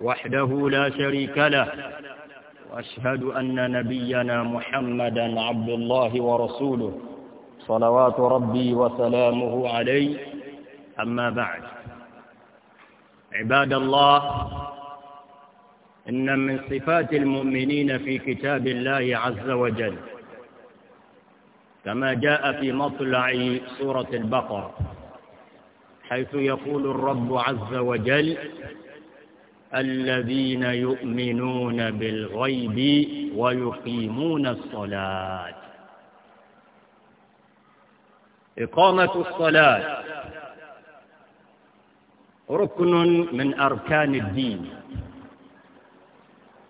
وحده لا شريك له وأشهد أن نبينا محمدا عبد الله ورسوله صلوات ربي وسلامه عليه أما بعد عباد الله إن من صفات المؤمنين في كتاب الله عز وجل كما جاء في مطلع سورة البقرة حيث يقول الرب عز وجل الذين يؤمنون بالغيب ويقيمون الصلاة إقامة الصلاة ركن من أركان الدين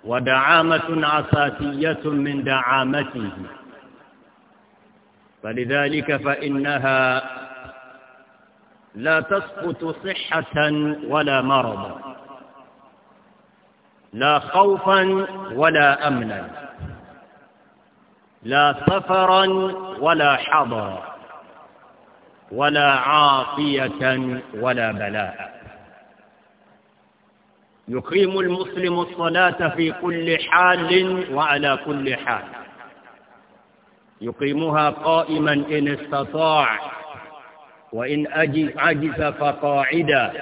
ودعامة أساسية من دعامته فلذلك فإنها لا تسقط صحة ولا مرضا لا خوفا ولا أمنا لا سفرا ولا حضرا ولا عافية ولا بلاء يقيم المسلم الصلاة في كل حال وعلى كل حال يقيمها قائما إن استطاع وإن عجز فقاعدا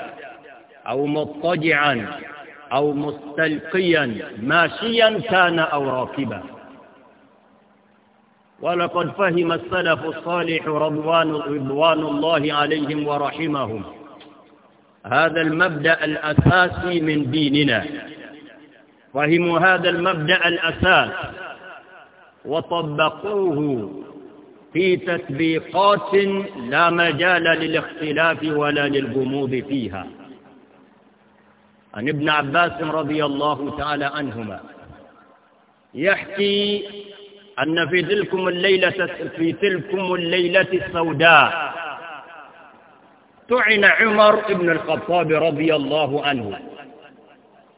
أو مضطجعا أو مستلقيا ماشيا كان أو راكبا ولقد فهم السلف الصالح رضوان, رضوان الله عليهم ورحمهم هذا المبدأ الأساسي من ديننا فهموا هذا المبدأ الأساس وطبقوه في تطبيقات لا مجال للاختلاف ولا للغموض فيها عن ابن عباس رضي الله تعالى عنهما يحكي أن في تلكم الليلة في تلكم الليلة السوداء طعن عمر بن الخطاب رضي الله عنه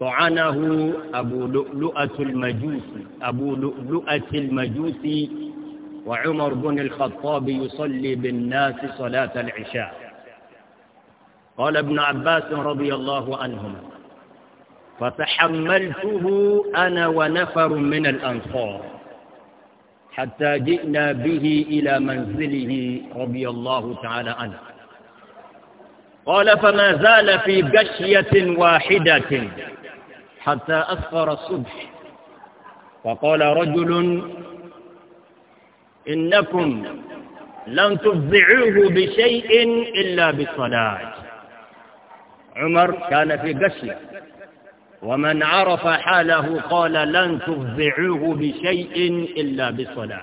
طعنه أبو لؤلؤة المجوسي أبو لؤلؤة المجوسي وعمر بن الخطاب يصلي بالناس صلاة العشاء قال ابن عباس رضي الله عنهما فتحملته أنا ونفر من الأنصار حتى جئنا به إلى منزله رضي الله تعالى عنه قال فما زال في غشية واحدة حتى أسفر الصبح فقال رجل إنكم لن تفزعوه بشيء إلا بالصلاة عمر كان في غشية ومن عرف حاله قال لن تفزعوه بشيء إلا بصلاة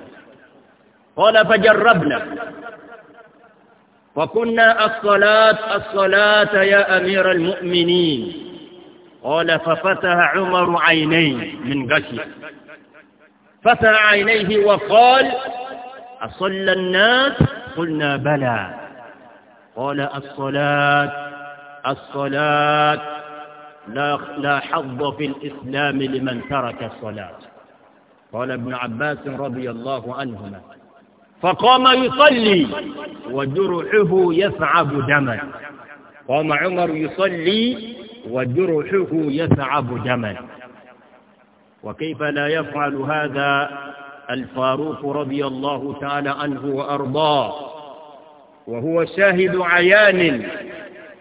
قال فجربنا وكنا الصلاة الصلاة يا أمير المؤمنين قال ففتح عمر عينيه من قشر فتح عينيه وقال أصلى الناس قلنا بلى قال الصلاة الصلاة لا, لا حظ في الإسلام لمن ترك الصلاة قال ابن عباس رضي الله عنهما فقام يصلي وجرحه يثعب دما قام عمر يصلي وجرحه يثعب دما وكيف لا يفعل هذا الفاروق رضي الله تعالى عنه وأرضاه وهو شاهد عيان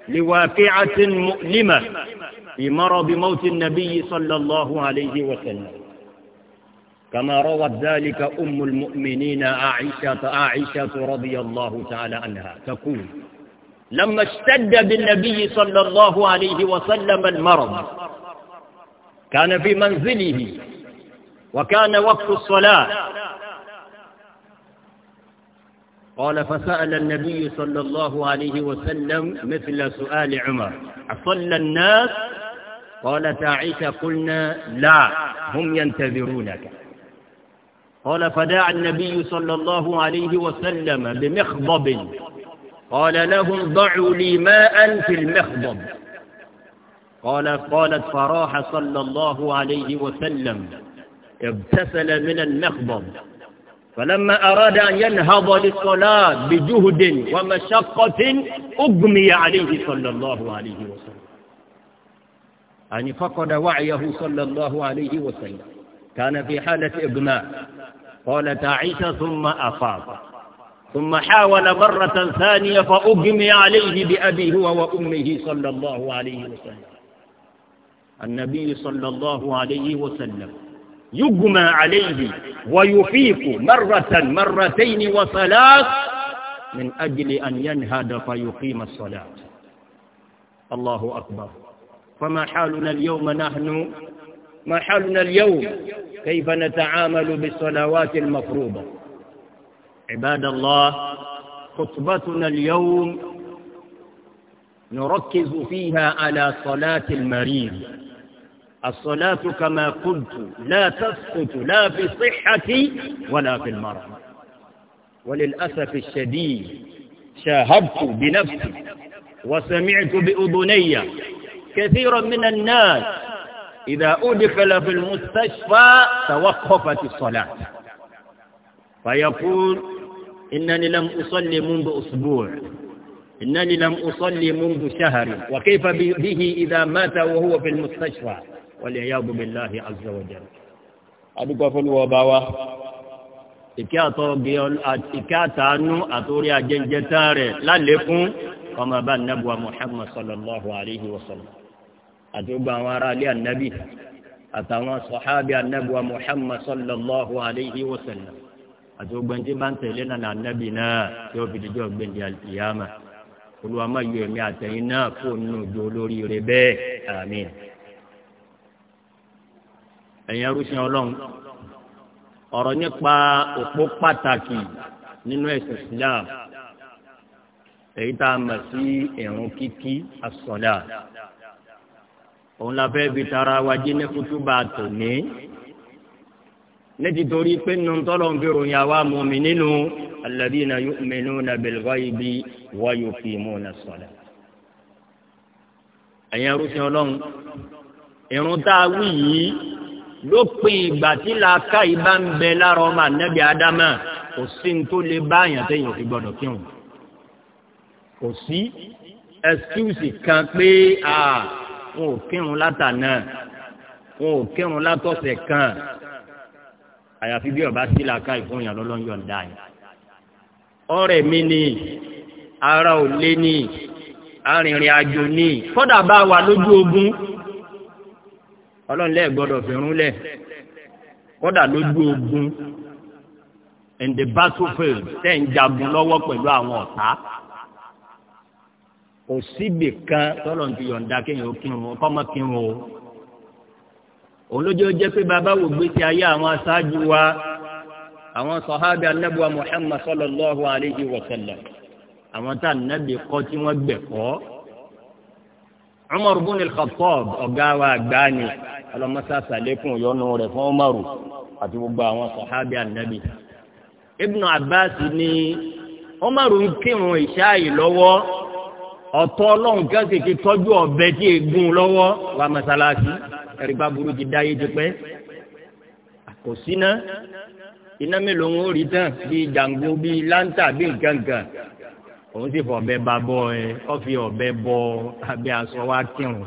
لواقعة مؤلمة في مرض موت النبي صلى الله عليه وسلم كما روت ذلك أم المؤمنين عائشة, عائشة رضي الله تعالى عنها تقول لما اشتد بالنبي صلى الله عليه وسلم المرض كان في منزله وكان وقت الصلاة قال فسأل النبي صلى الله عليه وسلم مثل سؤال عمر أصلى الناس قالت عائشة قلنا لا هم ينتظرونك قال فدعا النبي صلى الله عليه وسلم بمخضب قال لهم ضعوا لي ماء في المخضب قال قالت فراح صلى الله عليه وسلم ابتسل من المخضب فلما أراد أن ينهض للصلاة بجهد ومشقة أغمي عليه صلى الله عليه وسلم يعني فقد وعيه صلى الله عليه وسلم كان في حالة إغماء قال تعيش ثم أفاض ثم حاول مرة ثانية فأغمي عليه بأبي هو وأمه صلى الله عليه وسلم النبي صلى الله عليه وسلم يغمى عليه ويفيق مرة مرتين وثلاث من أجل أن ينهد فيقيم الصلاة الله أكبر فما حالنا اليوم نحن ما حالنا اليوم كيف نتعامل بالصلوات المفروضة عباد الله خطبتنا اليوم نركز فيها على صلاة المريض الصلاة كما قلت لا تسقط لا في الصحة ولا في المرض وللأسف الشديد شاهدت بنفسي وسمعت بأذني كثيرا من الناس إذا أدخل في المستشفى توقفت الصلاة فيقول إنني لم أصلي منذ أسبوع إنني لم أصلي منذ شهر وكيف به إذا مات وهو في المستشفى والعياذ بالله عز وجل أبقى في الوباوة أدوك فلو باوا إكاتانو أتوري أجنجتاري لا لكم وما بان نبوى محمد صلى الله عليه وسلم àti gbogbo àwọn ará ilé ànábì àtàwọn sọ̀hábì ànábì wa muhammad sallallahu alayhi wa sallam àti gbogbo ẹni tí bá ń tẹ̀lé náà ànábì náà tí ó fi dijọ́ gbẹ̀ndì àlùkìyàmà olùwàmọ̀ yóò ẹ̀mí àtẹ̀yìn náà kó nínú ìjọ olórí rẹ̀ bẹ́ẹ̀ àmín. ẹ̀yin arúgbó ọlọ́run ọ̀rọ̀ nípa òpó pàtàkì nínú ẹ̀sìn islam èyí tá a mọ̀ sí ẹ̀rùn kíkí àsọ̀dá òun la fẹ́ fi tara wa jí ní kútúbà tòní níti torí pé nùtọ́lọ́ ń fi ròyìn àwa mọ̀mí nínú alladhina yu'minuna bil ghaibi wa yuqimuna as-salah. ẹ̀yin arúgbó ọlọ́run ìrun tá a wí yìí lópin ìgbà tí làákà yìí bá ń bẹ lára ọmọ ànábì ádámà kò sí ní tó lè bá àyàn téèyàn fi gbọdọ̀ kírun kò sí ẹsikúùsì kan pé a. Ah, wọn ò kírun látànà wọn ò kírun látọ̀sẹ̀ kan àyàfi bí ọba sí làákà ìfún yàn lọ́lọ́yọ̀ dá yìí. ọ̀rẹ́ mi ni ara ò lé ní arìnrìn àjò ní kọ́dà bá wà lójú ogun ọlọ́nlẹ́ gbọ́dọ̀ fìrún lẹ̀ kọ́dà lójú ogun in the battlefield tẹ̀ ń jagun lọ́wọ́ pẹ̀lú àwọn ọ̀tá kò síbì kan tọ́lọ̀ ń ti yọ̀ǹda kéèyàn ó kírun ó kọ́ mọ́ kírun o òun ló jẹ́ ó jẹ́ pé bàbá wò gbèsè ayé àwọn aṣáájú wa àwọn sọ̀hábì anábùwà Muhammad sallallahu alayhi wa sallam àwọn tá ànábì kọ́ tí wọ́n gbẹ̀ kọ́ Umar ibn al-Khattab ọ̀gá wa àgbáni ọlọ́mọsáàsà lẹ́kùn yọnu rẹ̀ fún Umaru àti gbogbo àwọn sọ̀hábì anábì Ibn Abbas ni Umaru ń kírun ìṣáàyè lọ́wọ́ ọ̀tọ̀ ọlọ́run kẹ́sìkì tọ́jú ọ̀bẹ tí egun lọ́wọ́ wa mọ́sálásí ẹ̀rí bá burú ti dá yé ti pẹ́ kò síná iná mélòó ń rí tán bíi jàǹgbó bíi láńtà bíi gàǹgà òun sì fọ ọ̀bẹ bá bọ ẹ ọfi ọ̀bẹ bọ abẹ aṣọ wa kírun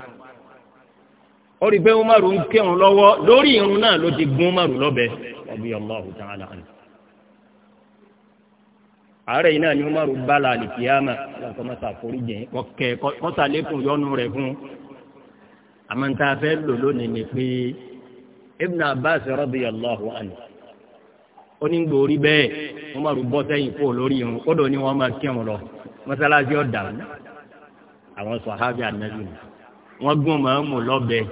ó rí i pé umaru ń kírun lọ́wọ́ lórí irun náà ló ti gún umaru lọ́bẹ ọbí ọlọ́run tán á lọ́kàn àárẹ̀ yìí náà ni Umaru bala alikiyama kọ́ mọ́ta àforíjì kọ́kẹ́ kọ́ta lẹ́kùn yọnu rẹ̀ fún. àmọ́ta fẹ́ lò lónìí ni pé Ibn Abbas radiyallahu anhu onígbòrí bẹ́ẹ̀ Umaru bọ́ sẹ́yìn fún olórí irun kódò ni wọ́n máa kírun lọ mọ́sálásí ọ̀dà àwọn sọ̀hábì ànábì wọ́n gún màámù lọ́bẹ̀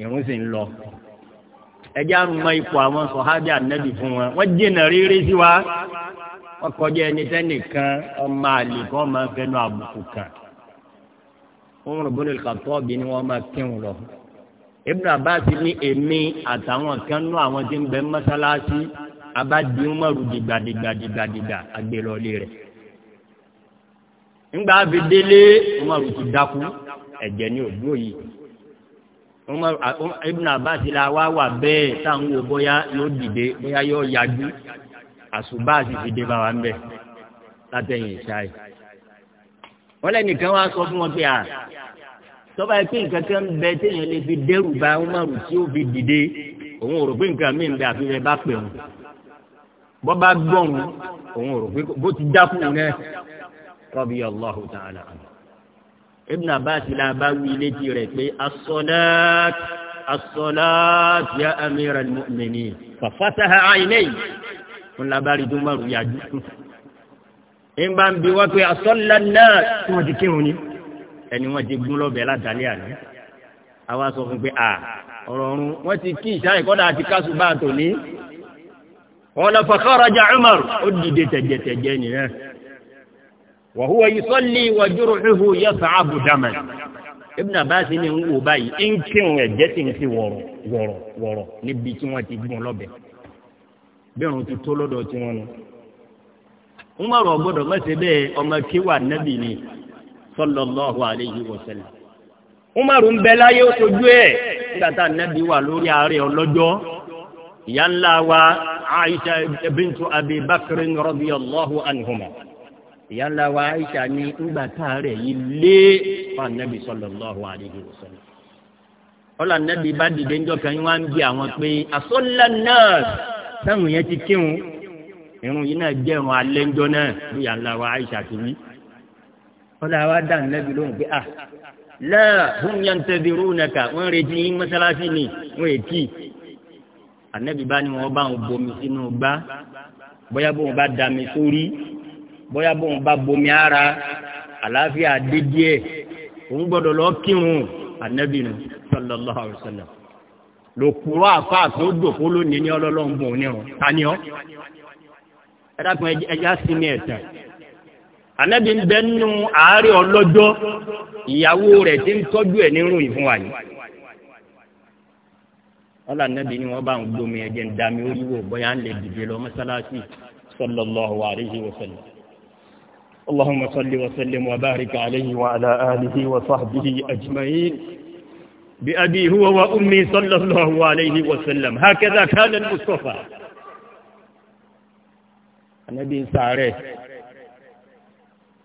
irun sì ń lọ ẹjẹ́ àrùn mọ́ ipò àwọn sọ̀hábì ànábì fún wọn wọ́n jìnnà rírí sí wa ọkọjá ẹni tẹnìkan ọmọ àlè kọ́ máa fẹnu àbùkù kan Umar ibn al-Khattab ni wọ́n máa kírun lọ. Ibn Abbas ní èmi àtàwọn kan nú àwọn tí ń bẹ mọ́sálásí abájí Umaru dìgbàdìgbàdìgbàdìgbà àgbèrọ̀lé rẹ̀. ńgbà fi délé Umaru ti dákú ẹ̀jẹ̀ ní òdúró yìí. Ibn Abbas la wá wà bẹ́ẹ̀ táwọn wo bóyá yóò dìde bóyá yóò yájú àsùbá sì fi dé bá wa ń bẹ̀ látẹ̀yìn ìṣáì. wọ́n lẹ́nìkan wá sọ fún wọn pé à tọ́ba yìí pé nǹkan kan bẹ téèyàn lè fi dẹ́rù bá Umaru tí ó fi dìde òun ò rò pé nǹkan míì ń bẹ àfi rẹ bá pè òun bọ́ bá gbọ́n òun ò rò pé bó ti dákú náà rọ́bì Allahu ta'ala. Ibn Abbas la bá wí létí rẹ̀ pé as-salat as-salat ya amira al-mu'minin. fa fataha aynayhi ńlá bá rí dúmọ̀rù yájú. ń bá ń bi wá pé asọ́lá náà tí wọ́n ti kírun ni ẹni wọ́n ti gún lọ́bẹ̀ẹ́ látàlẹ́ àná. àwa sọ fún pé à ọ̀rọ̀ ọ̀run wọ́n ti kí ìṣá ìkọ́dà àti kásù bá a tò ní. wọn lọ fa kharaja Umar ó dìde tẹ̀jẹ̀tẹ̀jẹ̀ nìyẹn. wa huwa yusalli wa juruhu yas'abu daman. Ibn Abbas ni ń wò báyìí ń kírun ẹ̀jẹ̀ sì ń ti wọ̀rọ̀ wọ̀rọ̀ níbi tí wọ́n ti gún lọ́bẹ̀ẹ́ bẹ́ẹ̀rùn ti tó lọ́dọ̀ tí wọ́n ni. Umaru ọgbọ́dọ̀ mẹ́sẹ̀ bẹ́ẹ̀ ọmọ kíwà nẹ́bì ni sallallahu alayhi wa sallam. Umaru ń bẹ láyé ó sojú ẹ̀ nígbà tá nẹ́bì wà lórí ààrẹ ọlọ́jọ́. Ìyá ńlá wa Aisha bintu Abi Bakr radiyallahu anhuma. Ìyá ńlá wa Aisha ni ńgbà tá rẹ̀ yìí lé fà nẹ́bì sallallahu alayhi wa sallam. Ọlá nẹ́bì bá dìde ńjọ́ kan wá ń bí àwọn pé àsọ́lá táwọn yẹn ti kírun irun yìí náà jẹ́ irun alẹ́ ńjọ́ náà bí yà ń la wa Aisha ti wí. wọ́n lọ wá dá nẹ́bí lóhùn pé à ah, láà fún yẹn tẹ̀bi rúnaka wọ́n retí yín mọ́sálásí ni wọ́n èkì. ànẹ́bí bá ní wọ́n bá wọn bomi sínú gbá bóyá bóun bá dami sórí bóyá bóun bá bomi ara àlàáfíà dé díẹ̀ òun gbọ́dọ̀ lọ kírun ànẹ́bí nù sallallahu alaihi wasallam lòkùrọ̀ àfa àti ó dòkó lónìí ní ọlọ́lọ́run bò ní ọ̀run tani ọ́ ẹ dákun ẹja sí ní ẹ̀sán ànábì ń bẹ nínú àárẹ̀ ọlọ́jọ́ ìyàwó rẹ̀ ti ń tọ́jú ẹ̀ nírú ìfún wa yìí wọ́n là nábì ni wọ́n bá ń gbomi ẹ̀jẹ̀ ń dami oríwó bóyá ń lè dìde lọ mọ́sálásí sallallahu alayhi wa sallam. اللهم صل وسلم وبارك عليه وعلى آله وصحبه أجمعين بأبي هو وأمي صلى الله عليه وسلم هكذا كان المصطفى النبي ساري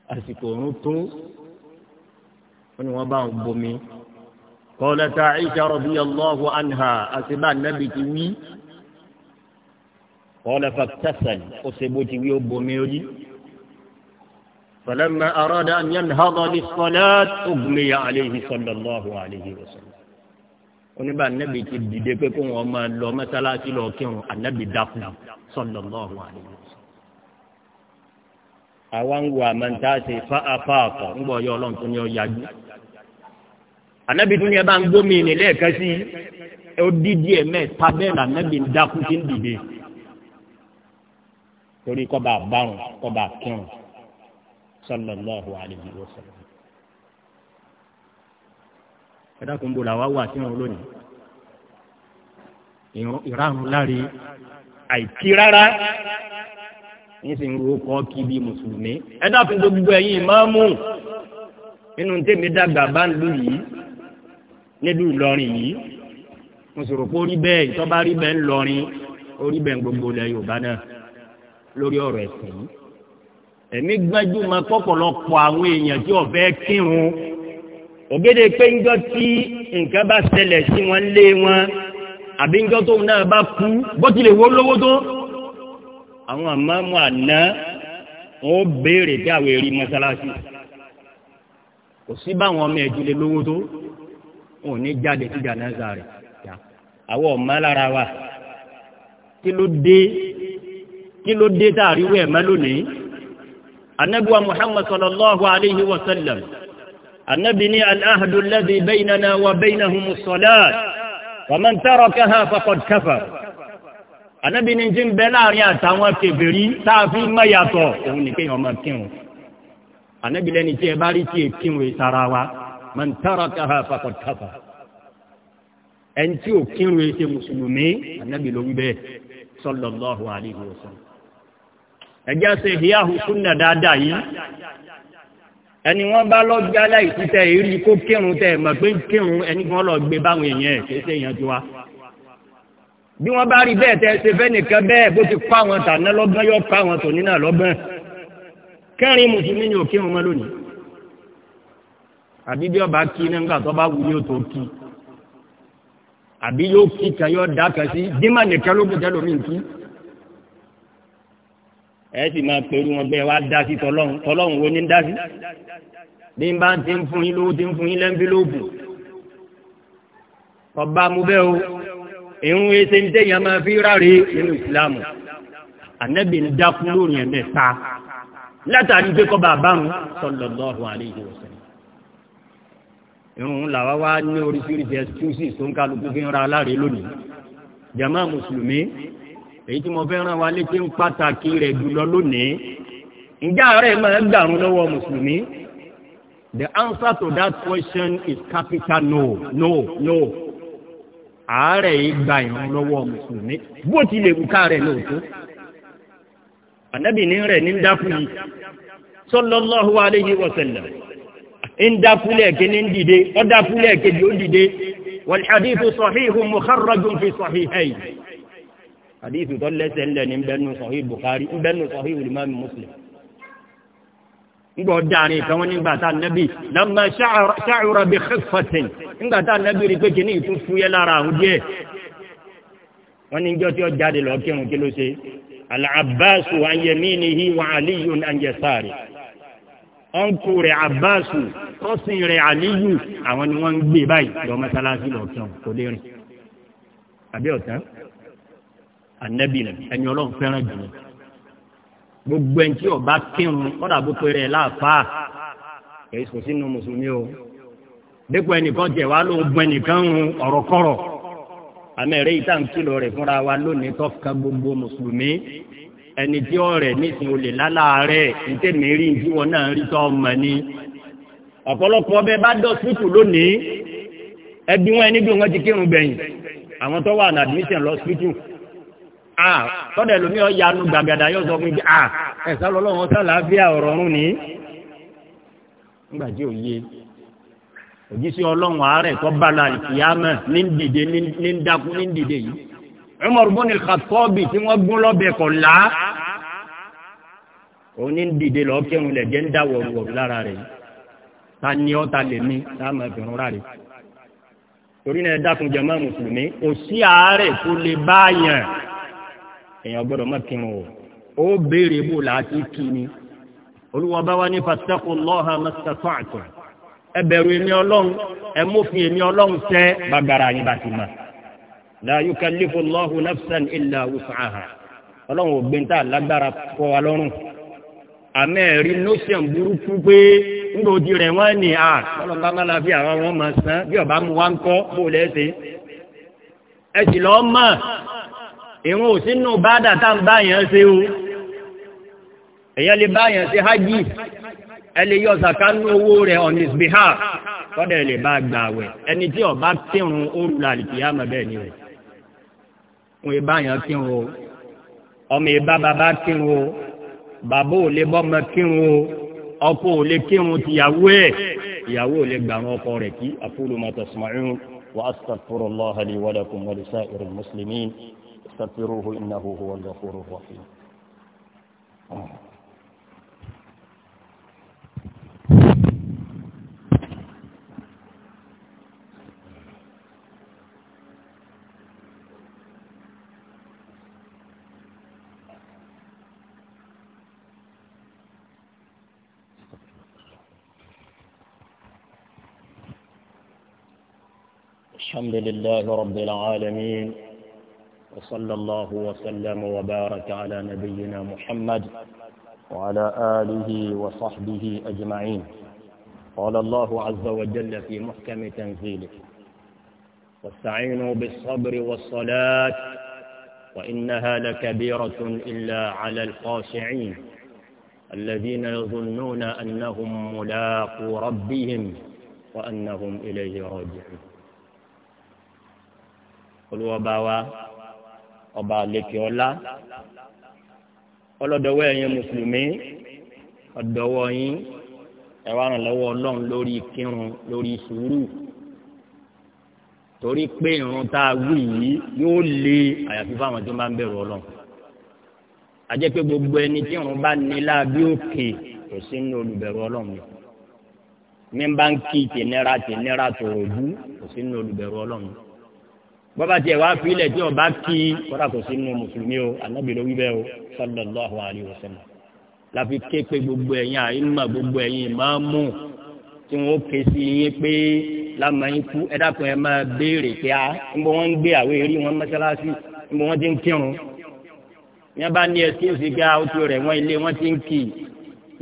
أسكون تو ونوبا بومي قالت عائشة رضي الله عنها أسمع النبي تيوي قال فاكتسل أسبوتي ويوبومي فلما أراد أن ينهض للصلاة أغمي عليه صلى الله عليه وسلم oníbà anabi ti dìde pé kó wọn máa lọ mọ́sálásí lọ kírun anabi dákun sallallahu alaihi wasallam. àwa ń wo àmọ́ntàṣe fa afa àfọ̀ ń gbọ́ yọ ọlọ́run tó ní ọ yájú. anabi tún yẹ bá ń gbómi ìnílẹ̀ ẹ̀ka ó dídí ẹ̀ tábẹ́ẹ̀lì anabi ń dákun ti ń dìde. torí kọ́ bá a kírun sallallahu alaihi wasallam ẹ̀dá kan bò làwa wà sínú lónìí ìrarun láre àìkí rárá ní sì ń ro kọ́ kí bí mùsùlùmí ẹ̀dá kan tó gbogbo ẹ̀yìn ìmáàmù nínú tèmi dàgbà bá ń lù yìí nílùú Ìlọrin yìí mùsùlùmí orí bẹ́ẹ̀ ìtọ́ba rí bẹ́ẹ̀ ń lọrin orí bẹ́ẹ̀ ń gbogbo ilẹ̀ Yorùbá náà lórí ọ̀rọ̀ ẹ̀sìn yìí ẹ̀mí gbájú ma kọ́pọ̀lọpọ̀ àwọn èèyàn tí ọ̀fẹ́ kírun ògede pé ńjọ́ tí nǹkan bá ṣẹlẹ̀ sí wọn lé wọn àbí ńjọ́ tóun náà bá kú bó tilẹ̀ wó lówó tó àwọn àmọ́mọ́ àná wọn ó béèrè tí àwọn èrì mọ́sálásí kò sí báwọn ọmọ ẹ̀jú lè lówó tó wọn ò ní jáde sí jàǹdà rẹ̀ àwọn ọ̀mọ́ lára wa kí ló dé kí ló dé tá a rí wẹ̀ mọ́ anabiwa muhammad sallallahu alayhi wa sallam. النبي ني الأهد الذي بيننا وبينهم الصلاة ومن تركها فقد كفر النبي ني جن بلار يا تاوان كبري تافي ما ياتو اوني كي يوم كيرو النبي لني تي باري تي كيرو ساراوا من تركها فقد كفر ẹni tí ò kírun ẹsẹ mùsùlùmí ànábì ló wí bẹ́ẹ̀ sallallahu alaihi wasallam ẹjẹ ṣe híyàhùn súnà dáadáa ẹni wọ́n bá lọ gbé aláìsí tẹ èrí kó kírun tẹ mọ̀ pé kírun ẹni kan lọ gbé báwọn èèyàn ẹ̀ kéṣe èèyàn tiwa bí wọ́n bá rí bẹ́ẹ̀ tẹ ṣe fẹ́ nìkan bẹ́ẹ̀ bó ti kọ́ àwọn tàná lọ́gbọ́n yóò kọ́ àwọn tòní náà lọ́gbọ́n kẹrin mùsùlùmí ni ò kírun mọ́ lónìí àbí bí ọba kí nígbà tó bá wù yóò tó kí àbí yóò kí kan yóò dá kan sí dímà nìkan ló gbé tẹ́lómi kí ẹ sì máa pẹ̀lú wọn bẹ́ẹ̀ wá dá sí tọlọ́hún tọlọ́hún wo ni ń dá sí bí n bá ti ń fún yín lówó ti ń fún yín lẹ́ńfílóòbù ọba mu bẹ́ẹ̀ o irun ẹsẹ̀ ń tẹ̀yàn máa fi ráre nínú ìsìlámù ànábì ń dákú lórí ẹ̀ mẹ́ta látàrí pé kọ́ bàbá mu sallallahu alaihi wasallam irun làwa wá ní oríṣiríṣi excuses tó ń kálukú fi ń ra aláre lónìí jama mùsùlùmí èyí tí mo fẹ́ ràn wá létí ń pàtàkì rẹ̀ jùlọ lónìí ǹjẹ́ àárẹ̀ máa ń dàrú lọ́wọ́ mùsùlùmí the answer to that question is capital no no no àárẹ̀ yìí gba ìrànlọ́wọ́ mùsùlùmí bó tilẹ̀ wù káàrẹ̀ lóòótọ́ ànábì ní rẹ̀ ní dákú yìí sallallahu alayhi wa sallam ń dákú lẹ́ẹ̀kẹ́ ní dìde ó dákú lẹ́ẹ̀kẹ́ ní ó dìde wal hadithu sahihun mukharrajun fi sahihayn yìí àdìsí tó lẹ́sẹ̀ ńlẹ̀ ní bẹ́nu sọ̀hí Bukhari bẹ́nu sọ̀hí olùmọ́mí Muslim. ngbọ́ dáàrin ìkan wọn nígbà tá nẹ́bí lamma sha'ura bi khiffatin nígbà tá nẹ́bí rí pé kìíní ìtún fúyẹ́ lára àwọn díẹ̀. wọ́n ní jọ́ tí ó jáde lọ kírun kí ló ṣe al-Abbasu an yaminihi wa Aliyun an yasari. ọ̀nkù rẹ̀ Aliyu àwọn ni wọ́n ń gbé báyìí lọ mọ́sálásí kò dé rìn àbí ọ̀tán ànábì rẹ̀ ẹni ọlọ́run fẹ́ràn jù gbogbo ẹni tí ọba kírun kọ́dà bó péré láàfáà èyí kò sínú mùsùlùmí o dépò ẹnìkan jẹ wá ló ń gbọ ẹnìkan ń ọ̀rọ̀kọ̀rọ̀ àmì ẹ̀rẹ́ yìí tá à ń kìlọ̀ fúnra wa lónìí tó ka gbogbo mùsùlùmí ẹni tí ọ̀rẹ́ nísìnyí olè lálàárẹ̀ ntẹ̀mí rí ní náà rí tọ́ ọmọ ni ọ̀pọ̀lọpọ̀ ọbẹ̀ bá dọ̀ sípù lónìí ẹbí wọn ẹni bí wọn ti kírun gbẹ̀yìn àwọn tó wà ní admission lọ sípù Ah, tọ́dẹ̀ lómi ọ̀ya nu gbàgàdà yóò sọ fún mi à ẹ̀sán lọ́lọ́run sálàáfíà ọ̀rọ̀ ọ̀run ni. nígbà tí ò yé òjíṣẹ́ ọlọ́run àárẹ̀ tó bá la ìyámẹ̀ ní dìde ní dákú ní dìde yìí. Umar ibn al-Khattab tí wọ́n gún lọ́bẹ̀ kọ̀ lá. òun ní dìde lọ́ọ́ kẹ́hùn lẹ̀ jẹ́ ń dá wọ̀rùwọ̀rù lára rẹ̀ yìí ta ni ọ́ ta lè mí láàmú ẹ̀fẹ̀rún rárá torí náà dákun jàmá mùsùlùmí kò àárẹ̀ tó lè báyàn èèyàn gbọ́dọ̀ má o ó béèrè bó láti kí ni olúwa wá ní fattaqullaha mastata'tum ẹ bẹ̀rù èmi ọlọ́run ẹ èmi ọlọ́run tẹ́ bàbàrà yín bá ti mọ̀ la yukallifullahu nafsan illa wus'aha ọlọ́run ò gbẹ́ntà lágbára kọ́ wa lọ́rùn àmẹ́ burúkú pé di rẹ̀ wọ́n ní ah, à àwọn ọmọ sàn bí ọba mu wá ń kọ́ bó lẹ́sẹ̀ sì lọ́ọ́ ìwọ̀n ò sínú bádà tá ń báyàn ṣe o èyàn lè báyàn ṣe hajj ẹ lè yọ sàkánú owó rẹ̀ on his behalf kọ́dẹ̀ lè bá gbà wẹ̀ ẹni tí ọba kírun oru làlìkì àmọ́ bẹ́ẹ̀ ni o wọn ìbáyàn kírun o ọmọ ìbá bàbá kírun o bàbá ò lè bọ́mọ kírun o ọkọ ò lè kírun tìyàwó ẹ̀ ìyàwó ò lè gbàrún ọkọ rẹ̀ kí aqulu ma wa astaghfirullaha li wa lakum wa lisa'iril فاستغفروه إنه هو الغفور الرحيم الحمد لله رب العالمين وصلى الله وسلم وبارك على نبينا محمد وعلى آله وصحبه أجمعين قال الله عز وجل في محكم تنزيله واستعينوا بالصبر والصلاة وإنها لكبيرة إلا على الخاشعين الذين يظنون أنهم ملاقو ربهم وأنهم إليه راجعون قل وباوا ọba àlekè ọlá ọlọ́dọ̀wọ́ ẹ̀yin mùsùlùmí ọ̀dọ̀wọ́ yín ẹ wá ràn lọ́wọ́ ọlọ́run lórí kírun lórí sùúrù torí pé irun tá a wí yìí yóò lé àyàfi fáwọn tó bá ń bẹ̀rù ọlọ́run àjẹ́ pé gbogbo ẹni tí irun bá ní láàbí òkè kò sí nínú olùbẹ̀rù ọlọ́run mi mi bá ń kí tènera tènera tòròjú kò sí nínú olùbẹ̀rù ọlọ́run mi bọ́bá tiẹ̀ wá filẹ̀ tí ọba kí kọ́dà kò sí nínú mùsùlùmí o anábì ló wí bẹ́ẹ̀ o sallallahu alaihi wasallam láfi ké pé gbogbo ẹ̀yin àìmọ̀ gbogbo ẹ̀yin ìmáàmù tí wọ́n ké sí yín pé lámà yín kú ẹ máa béèrè pé a níbo wọ́n ń gbé àwé rí wọn mọ́ṣáláṣí níbo wọ́n ti ń kírun yẹn bá ní ẹsẹ̀ òsì gá ojú rẹ̀ wọ́n ilé wọ́n ti ń kì í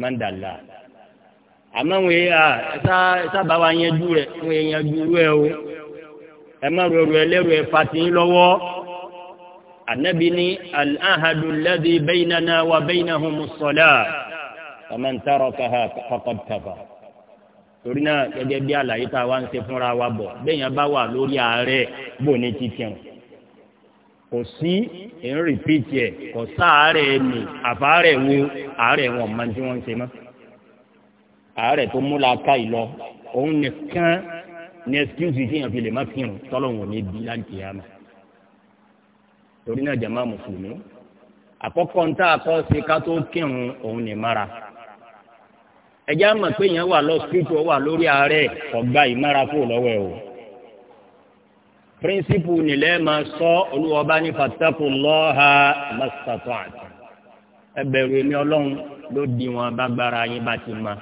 mandala àmọ́ wọn ẹ sábà wa yanjú o ẹ má rọrọ ẹlẹ́rọ ẹ fa tiyín lọ́wọ́ anabi ni al-ahadu alladhi baynana wa baynahum as-salah faman tarakaha faqad kafara torí náà gẹ́gẹ́ bí àlàyé tá a wá ń ṣe fúnra wa bọ̀ bẹ́ẹ̀yàn bá wà lórí ààrẹ bò ní kò sí ń rìpíìtì ẹ̀ kò sáàárẹ̀ nì àfàárẹ̀ wo àárẹ̀ wọn mọ tí wọ́n ń ṣe mọ́ àárẹ̀ tó múra ká ìlọ òun nìkan ní ẹsikúùsì tí èèyàn fi lè má kírun tọ́lọ́hún ò ní bí láti yàmà torí náà jàmá mùsùlùmí àkọ́kọ́ ń tá a kọ́ ṣe ká tó kírun òun ní mara ẹjẹ́ àmọ̀ pé èèyàn wà lọ síkúùtù wà lórí ààrẹ ọ̀gbà ìmára kúrò lọ́wọ́ ẹ̀ o píríncípù nílẹ̀ máa sọ olúwọba ní fattaqullaha mastata'tum ẹ bẹ̀rù èmi ọlọ́run ló di wọn bá gbára yín bá ti máa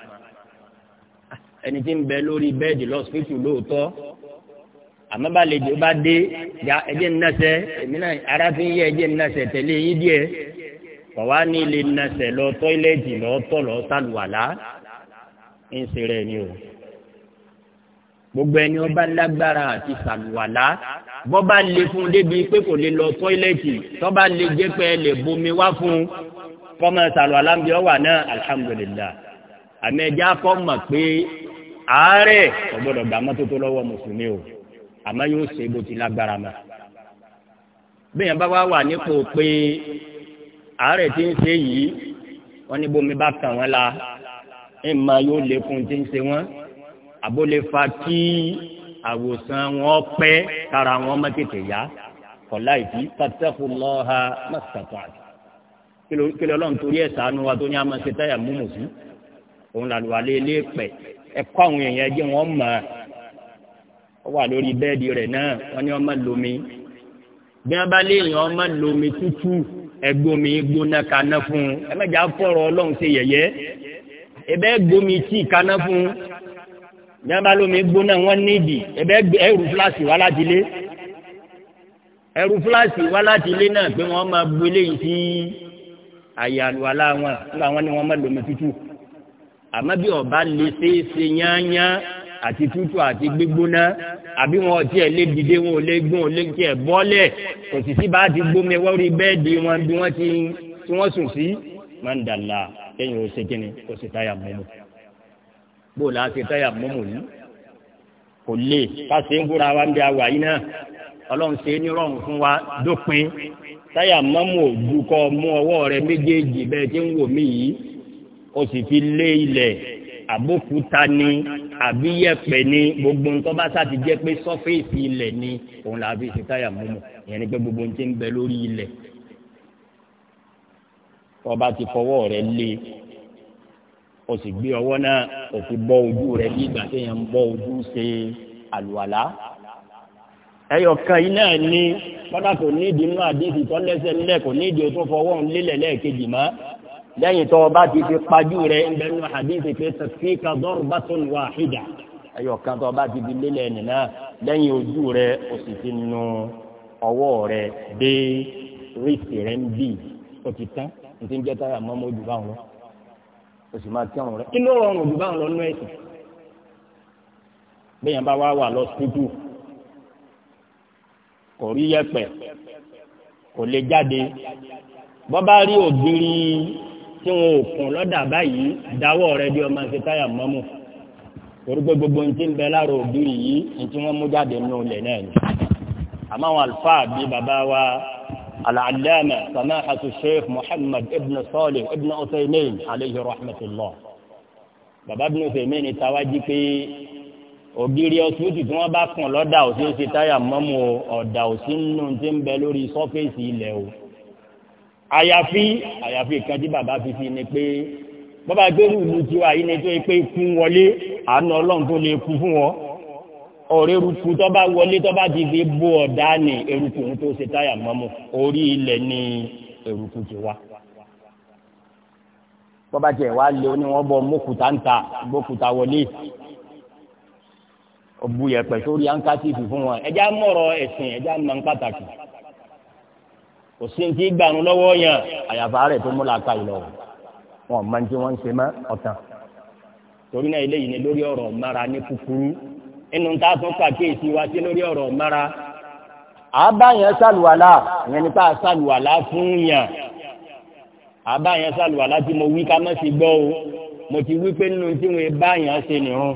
ẹni tí ń bẹ lórí bẹ́ẹ̀dì lọ́sítítù lóòótọ́ àmọ́ bá lè dé bá dé ya ẹjẹ́ ńnàṣẹ èmi náà ara fi ń yẹ ẹjẹ́ ńnàṣẹ tẹ̀lé yín díẹ̀ kọ̀wá ní ilé ńnàṣẹ lọ tọ́ílẹ̀tì lọ tọ̀ lọ sálùwàlá ń ṣe rẹ̀ ni o gbogbo ẹni ọba lágbára àti sàlùwàlá bọ́ba lè fún un débi pé kò lè lọ tọ́ílẹ̀tì tọ́ba lè jẹ́ pé ẹ lè bomi wá fún un kọ́mọ sàlùwàlá ń bí ọ wà náà alihamudulilayi àmì ẹ̀jẹ̀ akọ́ mọ̀ pé àárẹ̀ ọ̀gbọ́dọ̀ gbà mọ́tótó lọ́wọ́ mùsùlùmí o àmọ́ yóò ṣe bó ti lágbára mọ́ bẹ́ẹ̀ bá wá wà nípò pé àárẹ̀ tí ń ṣe yìí wọ́n ní bómi bá kàn wọ́n la ẹ̀ máa yóò lékún tí ń ṣe wọ́n àbó lè fa kí àwòsàn wọn pẹ́ kára wọn má tètè yá kọ̀lá ìdí fattaqullaha mastata'tu kí lọ́lọ́run torí ẹ̀ ṣàánú wa tó ní a ṣe táyà múmu sí òun làlùwalé ilé pẹ̀ ẹ̀kọ́ àwọn èèyàn jẹ́ wọ́n mọ̀ ọ́ wà lórí bẹ́ẹ̀dì rẹ̀ náà wọ́n ní ọmọ lomi bí wọ́n bá léèyàn ọmọ lomi tútù ẹ̀gbọ́mi gbóná kaná fún un ẹ mẹ́jà fọ̀rọ̀ ọlọ́run ṣe yẹ̀yẹ́ ẹ̀bẹ́ gbomi tí kaná fún un bí wọ́n bá lomi gbóná wọ́n nídìí ẹ̀bẹ́ ẹrù fúláṣì wá láti lé ẹrù fúláṣì wá láti lé náà pé wọ́n máa bu eléyìí sí àyè wọn nígbà wọn ni wọ́n máa lomi tútù àmọ́ bí ọba lè ṣe é ṣe yányá àti tútù àti gbígbóná àbí wọn ọtí ẹ lé dìde wọn ò lé gbọn ò lé kí ẹ bọ́lẹ̀ kò sì sí bá ti gbómi wọ́rí bẹ́ẹ̀dì wọn bí wọ́n ti tí wọ́n sùn sí máa ń dàlà kẹ́yìn ò ṣe kíni kò sì táyà mọ́mọ́ bó o láti táyà mọ́mọ́ yìí kò lè káṣe ń fúnra wa ń bẹ àwà yìí náà ọlọ́run ṣe é ní rọrùn fún wa dópin táyà mọ́mọ́ òdu mú ọwọ́ rẹ méjèèjì bẹ́ẹ̀ tí ń wò mí yìí o sì fi lé ilẹ̀ àbókúta ni àbí yẹ̀pẹ̀ ni gbogbo nǹkan bá sá ti jẹ́ pé sọ́fíìsì ilẹ̀ ni òun là á fi ṣe táyà múmu ìyẹn ni pé gbogbo ohun tí ń bẹ lórí ilẹ̀ ọba ti fọwọ́ rẹ̀ lé o sì gbé ọwọ́ náà o fi bọ́ ojú rẹ̀ bí ìgbà téèyàn ń bọ́ ojú ṣe àlùwàlá ẹyọ kan yìí náà ní kọ́dà kò nídìí inú àdéhùn tó lẹ́sẹ̀ nílẹ̀ kò nídìí o tó fọwọ́ ń lẹ́ẹ̀kejì mọ́ lẹ́yìn tó o bá ti fi pajú rẹ̀ ń bẹnu hadithi pé tafika darbatun wahida ẹyọ kan tó o bá ti fi lélẹ̀ nìyà lẹ́yìn ojú rẹ̀ o sì ti nu ọwọ́ rẹ̀ dé rìsì rẹ̀ ń bì o ti tán o ti ń jẹ́ táyà mọ́ mọ́ dùbà wọn o sì máa kí ọ̀run rẹ̀ kí ló rọrùn dùbà wọn lọ́nà ẹ̀sìn bẹ́ẹ̀ bá wá wà lọ síkú kò rí yẹ̀pẹ̀ kò lè jáde bọ́ bá rí ògiri tí wọn ò kùn lọ́dà báyìí dáwọ́ rẹ bí ọmọ ṣe táyà mọ́mù orúkọ gbogbo ní ti ń bẹ láàrọ òbí yìí ní tí wọ́n mú jáde nínú ilẹ̀ náà ni àmọ́ àwọn àlùfáà bíi bàbá wa al-allama samahatu sheikh muhammad ibn salih ibn usaymin alayhi rahmatullah bàbá ibn usaymin tawájú pé ògiri ọsibítù tí wọ́n bá kùn lọ́dà òsì ṣe táyà mọ́mù ọ̀dà òsì nínú ti ń bẹ lórí sọ́fẹ̀sì ilẹ̀ o àyàfi àyàfi kan bàbá fi fi ni pé bàbá gbẹ́rù ìlú tiwa yìí ni tó yẹ pé kú wọlé àánú ọlọ́run tó lè kú fún wọn ọ̀rẹ́ eruku tó bá wọlé tó bá ti fi bó ọ̀dá ni eruku ń tó ṣe táyà mọ́mú orí ilẹ̀ ni eruku ti wá. bọ́bá tiẹ̀ wá lé ní wọ́n bọ́ mọ́kúta ń ta gbókúta wọlé ọ̀bù sórí ankatífì fún wọn ẹ̀já mọ̀rọ̀ ẹ̀sìn ẹ̀já mọ̀ pàtàkì kò sí ní ti gbàrún lọ́wọ́ yàn àyàfà rẹ̀ tó múlá ka ìlọ wọn máa ń tí wọ́n ń ṣe mọ́ ọ̀tàn torí náà eléyìí ni lórí ọ̀rọ̀ mara ní kúkúrú inú ta tún pàkíyèsí wa sí lórí ọ̀rọ̀ mara àbáyẹn sàlùwàlà ìyẹn nípa sàlùwàlà fún yàn àbáyẹn sàlùwàlà tí mo wí ká má sì gbọ́ o mo ti wí pé nínú tí wọn báyàn ṣe nìrun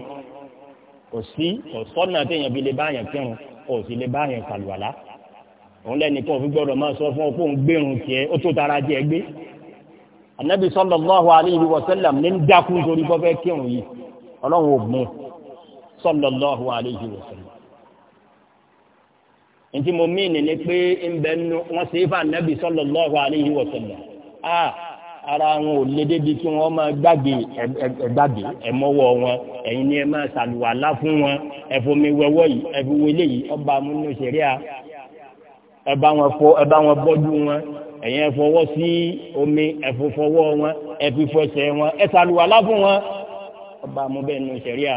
kò sí kò sọ́nà téèyàn fi lè báyàn kírun kò sì lè báyàn sàlùwàlà òun lẹ́ni tó fi gbọ́dọ̀ máa sọ fún ọkùnrin gbẹ̀rùn tiẹ̀ ó tó tara jẹ́ gbé anabi sallallahu alayhi wa sallam ní dákú nítorí bọ́ fẹ́ kírun yìí ọlọ́run ògbọ́n sallallahu alayhi wa sallam nti mo mí nìní pé nbẹ nu wọn sì fà anabi sallallahu alayhi wa sallam a ara wọn ò lé débi kí wọn máa gbàgbé ẹgbàgbé ẹmọwọ wọn ẹyin ni ẹ máa ṣàlùwàlá fún wọn ẹfọmi yìí ẹfiwẹlẹ yìí ọba amúnú ṣẹ̀ríà ẹ̀bá wọn fọ ẹ̀bá wọn bọ́jú wọn ẹ̀yẹn fọwọ́ sí omi ẹ̀fọ̀fọwọ́ wọn ẹ̀fífọsẹ̀ wọn ẹ̀sàlùwàlá fún wọn ọba àmúbẹ̀ nù sẹ̀ríà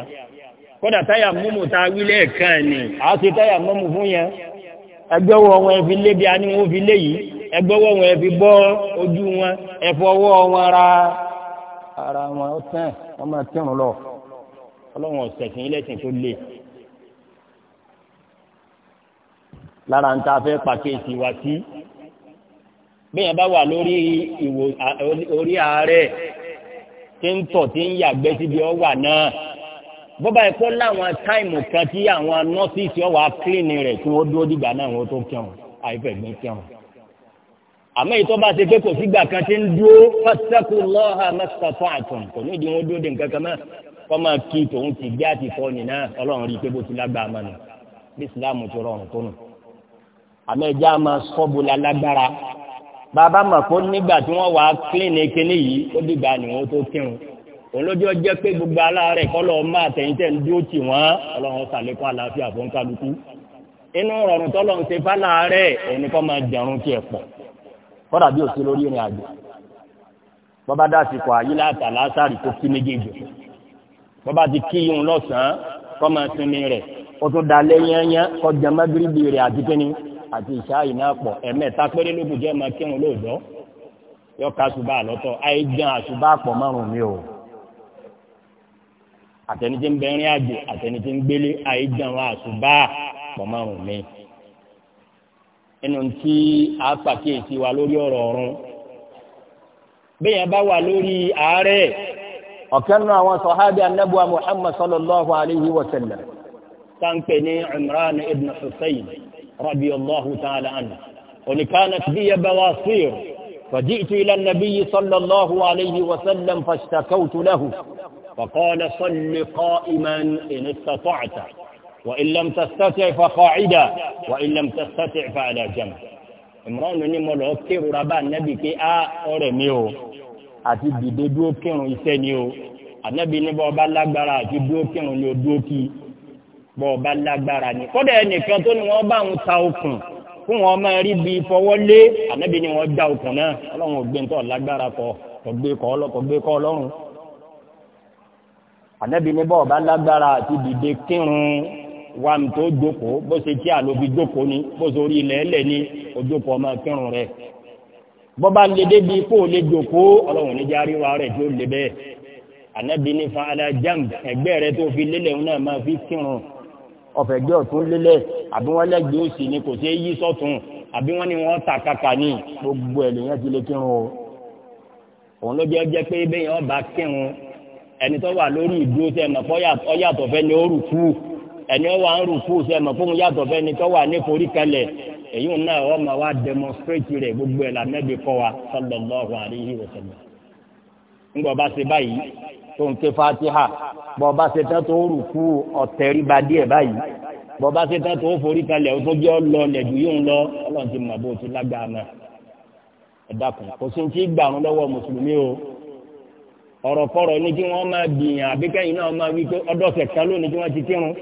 kódà táyà mọ́mù tá a wílé ẹ̀ka ẹ̀ ni a ti táyà mọ́mù fún yẹn ẹgbẹ́ wọ wọn fi lé bí a wọn fi lé yìí ẹgbẹ́ wọ wọn fi bọ́ ojú wọn ẹ̀fọwọ́ wọn ra ara wọn tán wọn máa tẹ̀rùn lọ ọlọ́run ọ̀sẹ̀ kìí lẹ́sìn tó le. lára ń ta fẹ́ pàkíyèsí wa sí bá wà lórí ìwò orí ààrẹ tí ń tọ̀ tí ń yàgbẹ́ síbi ọ wà náà bọ́bá ẹ̀kọ́ láwọn táìmù kan tí àwọn nọ́ọ̀sìsì ọ̀wà kílìnì rẹ̀ tí wọ́n dúró dìgbà náà wọ́n tó kẹun àìfẹ́ gbé àmọ́ ìtọ́ bá ṣe pé kò sígbà kan tí ń dúró lọ́ha kò ní ìdí àmọ́ ẹja máa sọ́bùlà lágbára bàbá màkó nígbà tí wọ́n wàá kílìnì kínní yìí ó dìgbà ni wọ́n tó kírun òun lójú ọjọ́ pé gbogbo aláàárẹ̀ kọ́ lọ́ọ́ máa tẹ̀yìntẹ̀ ń dúró tì wọ́n ọlọ́run sàlékún àlàáfíà fún kálukú inú rọrùn tọ́lọ́ ń ṣe fáláàárẹ̀ ẹni kọ́ máa jẹun tiẹ̀ pọ̀ kọ́dà bí òsì lórí ìrìn àjò bọ́bá dásìkò àyí lásàrì tó kí méjèèjì bọ́bá ti kí yun lọ́sàn-án kọ́ máa sinmi rẹ̀ ó tún dalẹ́ yẹ́nyẹ́ kọjá mẹ́bíríbì rẹ̀ àti kíní àti ìṣáàyè náà pọ̀ ẹ̀mẹ́ta péré lókùn jẹ́ máa kírun lóòjọ́ yọ ká ṣùgbọ́n àlọ́tọ̀ àìjàn àṣùbà pọ̀ márùn-ún mi o àtẹni tí ń bẹ̀rin àjò àtẹni ń gbélé àìjàn àṣùbà pọ̀ márùn-ún mi ẹnu tí a pàkíyèsí wa lórí ọ̀rọ̀ ọ̀run bẹ́ẹ̀ yẹn bá wà lórí àárẹ̀ ọ̀kan nínú àwọn sọ̀hábì anábùwà Muhammad sallallahu alayhi wa sallam táǹpẹ̀ ní Imran ibn Husayn رضي الله تعالى عنه ولكانت كانت بي بواصير فجئت إلى النبي صلى الله عليه وسلم فاشتكوت له فقال صل قائما إن استطعت وإن لم تستطع فقاعدا وإن لم تستطع فعلى جنب imran ni mo ربا النبي كي nẹ́bí pé á ọ̀rẹ́ mi النبي نبو dìde dúró kírun iṣẹ́ يدوكي bọ́ ọba lágbára ni kọ́dà ẹnìkan tó ní wọ́n bá ń ta okùn fún wọn máa rí bí fọwọ́ lé ànábì ni wọ́n dá okùn náà ọlọ́run ò gbé ń tọ́ lágbára kọ kọ̀gbé kọ́ ọlọ́kọ̀gbé kọ́ ọlọ́run ànábì ni bọ́ ọba lágbára àti dìde kírun wa mi tó jókòó bó ṣe tí àlóbi jókòó ni bó ṣe orí ilẹ̀ ẹlẹ̀ ni ojókòó ọmọ kírun rẹ̀ bọ́ba lè débi kó o lè jókòó ọlọ́run níjà ríwa rẹ̀ tí ó lè bẹ́ẹ̀ ànábì ni fa alájàm ẹgbẹ́ rẹ̀ tó fi lélẹ̀ náà máa fi kírun ọ̀fẹ́ gbé ọ̀tún lélẹ̀ àbí wọ́n lẹ́gbẹ̀ẹ́ òsì ni kò sí yí sọ́tún àbí wọ́n ní wọ́n ta kàkà ní gbogbo ẹ̀ lèyàn ti lè kírun o òun ló jẹ́ jẹ́ pé bẹ́ẹ̀ yẹn ọba kírun ẹni tó wà lórí ìdúró sẹ́ mọ̀ fọ́ yàtọ̀ fẹ́ ni ó rù kú ẹni ó wà ń rù kú sẹ́ mọ̀ fóun yàtọ̀ fẹ́ ni tó wà ní forí kalẹ̀ èyí náà wọ́n máa demonstrate rẹ̀ gbogbo ẹ̀ lànà ẹ̀bí kọ́ wa sallallahu alaihi wasallam ńgbọ́ tó ń ké fatiha bọ́ ọba ṣe tán tó rù kú ọ̀tẹ̀ ríba díẹ̀ báyìí bọ́ ọba ṣe tán tó forí kalẹ̀ ó tó bí ọ lọ lẹ́dùn yóò ń lọ ọlọ́run ti mọ̀ bó ti lágbára náà ẹ dákun kò sí ti gbà wọn lọ́wọ́ mùsùlùmí o ọ̀rọ̀ kọ̀rọ̀ ní kí wọ́n máa gbìyàn àbí kẹ́yìn náà máa wí pé ọdọ̀ kẹta lónìí kí wọ́n ti kírun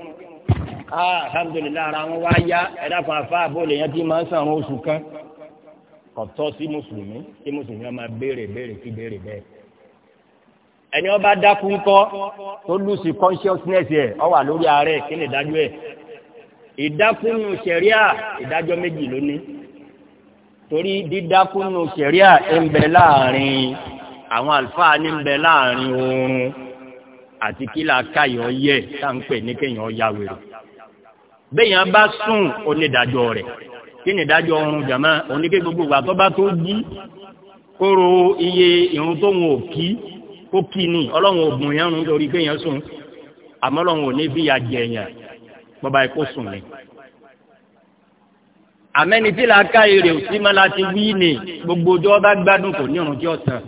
ah, alhamdulilayi ara wọn wá yá ẹ dákun afá àbọ̀lẹ̀ yẹn ti máa ń ẹni ọba dákú ńkọ́ tó lùsì consciousness yẹ ọ wà lórí ààrẹ kí ni ìdájọ́ ẹ̀ ìdákúnù sẹ̀ríà ìdájọ́ méjì lónìí torí dídákúnù sẹ̀ríà ń bẹ láàrin àwọn àlùfáà ń bẹ láàrin oorun àti kí la káyọ̀ yẹ tá à ń pè ní kéèyàn ya wèrè béèyàn bá sùn onídàájọ́ rẹ̀ kí ni ìdájọ́ oorun jàmọ́ oníké gbogbo ìgbà tó jí kóró iye ìrun tó ń wò kí kó kì í ní ọlọ́run ògùn yẹn ń lórí pé yẹn sùn àmọ́ ọlọ́run ò ní bí ya jẹ yẹn bọ́ba yìí kó sùn ni. àmẹ́ni tí la ká èrè òsì máa la ti wí ni gbogbo ọjọ́ bá gbádùn kò ní ọ̀run tí ó tàn.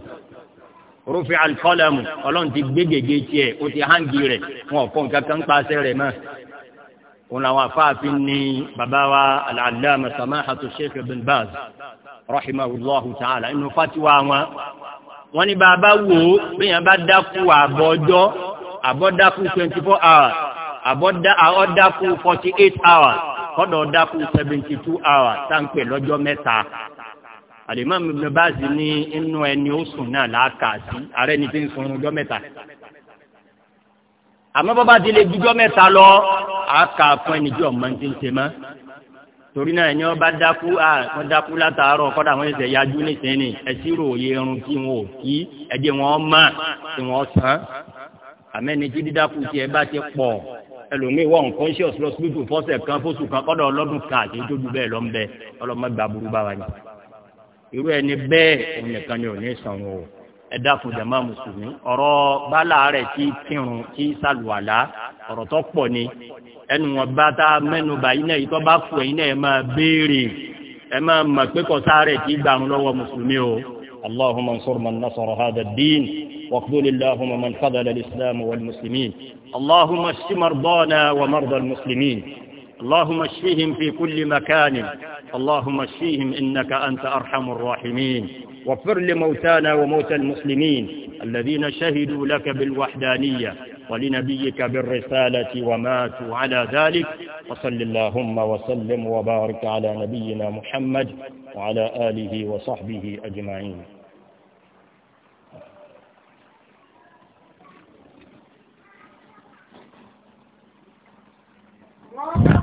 rufi alikọlẹmu ọlọ́run ti gbé gègé tiẹ̀ ó ti hángi rẹ̀ wọn ò kọ́ nǹkan kan rẹ̀ mọ́. òun làwọn afáàfin ni bàbá wa al-allama samahatu sheikh ibn baz rahimahullahu ta'ala inú fatiwa wọn wọ́n ní bàbá wò ó bẹ́yàn bá dákú àbọ̀ ọjọ́ twenty four hours àbọ̀ dákú forty eight hours kọ́dọ̀ dákú seventy two hours táǹpẹ̀ lọ́jọ́ mẹ́ta àdèmọ́ mi bá sì ní inú ẹni ó sùn náà láàkà sí ààrẹ ni ti ń sun ọjọ́ mẹ́ta àmọ́ bàbá ti lè dújọ́ mẹ́ta lọ àkà ẹni tí ọmọ ti ń ṣe mọ́ torí náà ẹni ọba dákú à wọn dákú látàárọ̀ kódà wọn ṣẹ̀ṣẹ̀ yájú nísìnyí ẹtí ròye irun tí wọn ò kí ẹdí wọn mọ tí wọn sàn àmẹni tí dídákú tí ẹ bá ti pọ̀ ẹlòmíì wọn conscious lọ síbítù fọ́sẹ̀ kan fóṣù kan kódà ọlọ́dún kan àti ìjọba bẹ́ẹ̀ lọ ń bẹ ọlọmọ gba burú bá wa ni irú ẹni bẹ́ẹ̀ òun nìkan ni ò ní sàn o ẹ dákun jàmá mùsùlùmí ọ̀rọ̀ bá láàárẹ̀ tí kírun tí sàlùwàlá ọ̀rọ̀ tó pọ̀ ni ẹnu wọn bá tá mẹ́nu bá yìí náà yìí tó bá fún ẹ̀yin náà ẹ máa béèrè ẹ máa mọ̀ pé kò sáré kí ń lọ́wọ́ mùsùlùmí o. اللهم انصر من نصر هذا الدين واخذل اللهم من خذل الإسلام والمسلمين اللهم اشف مرضانا ومرضى المسلمين اللهم اشفهم في كل مكان اللهم اشفهم إنك أنت أرحم الراحمين واغفر لموتانا وموتى المسلمين الذين شهدوا لك بالوحدانية ولنبيك بالرسالة وماتوا على ذلك وصل اللهم وسلم وبارك على نبينا محمد وعلى آله وصحبه أجمعين Wow.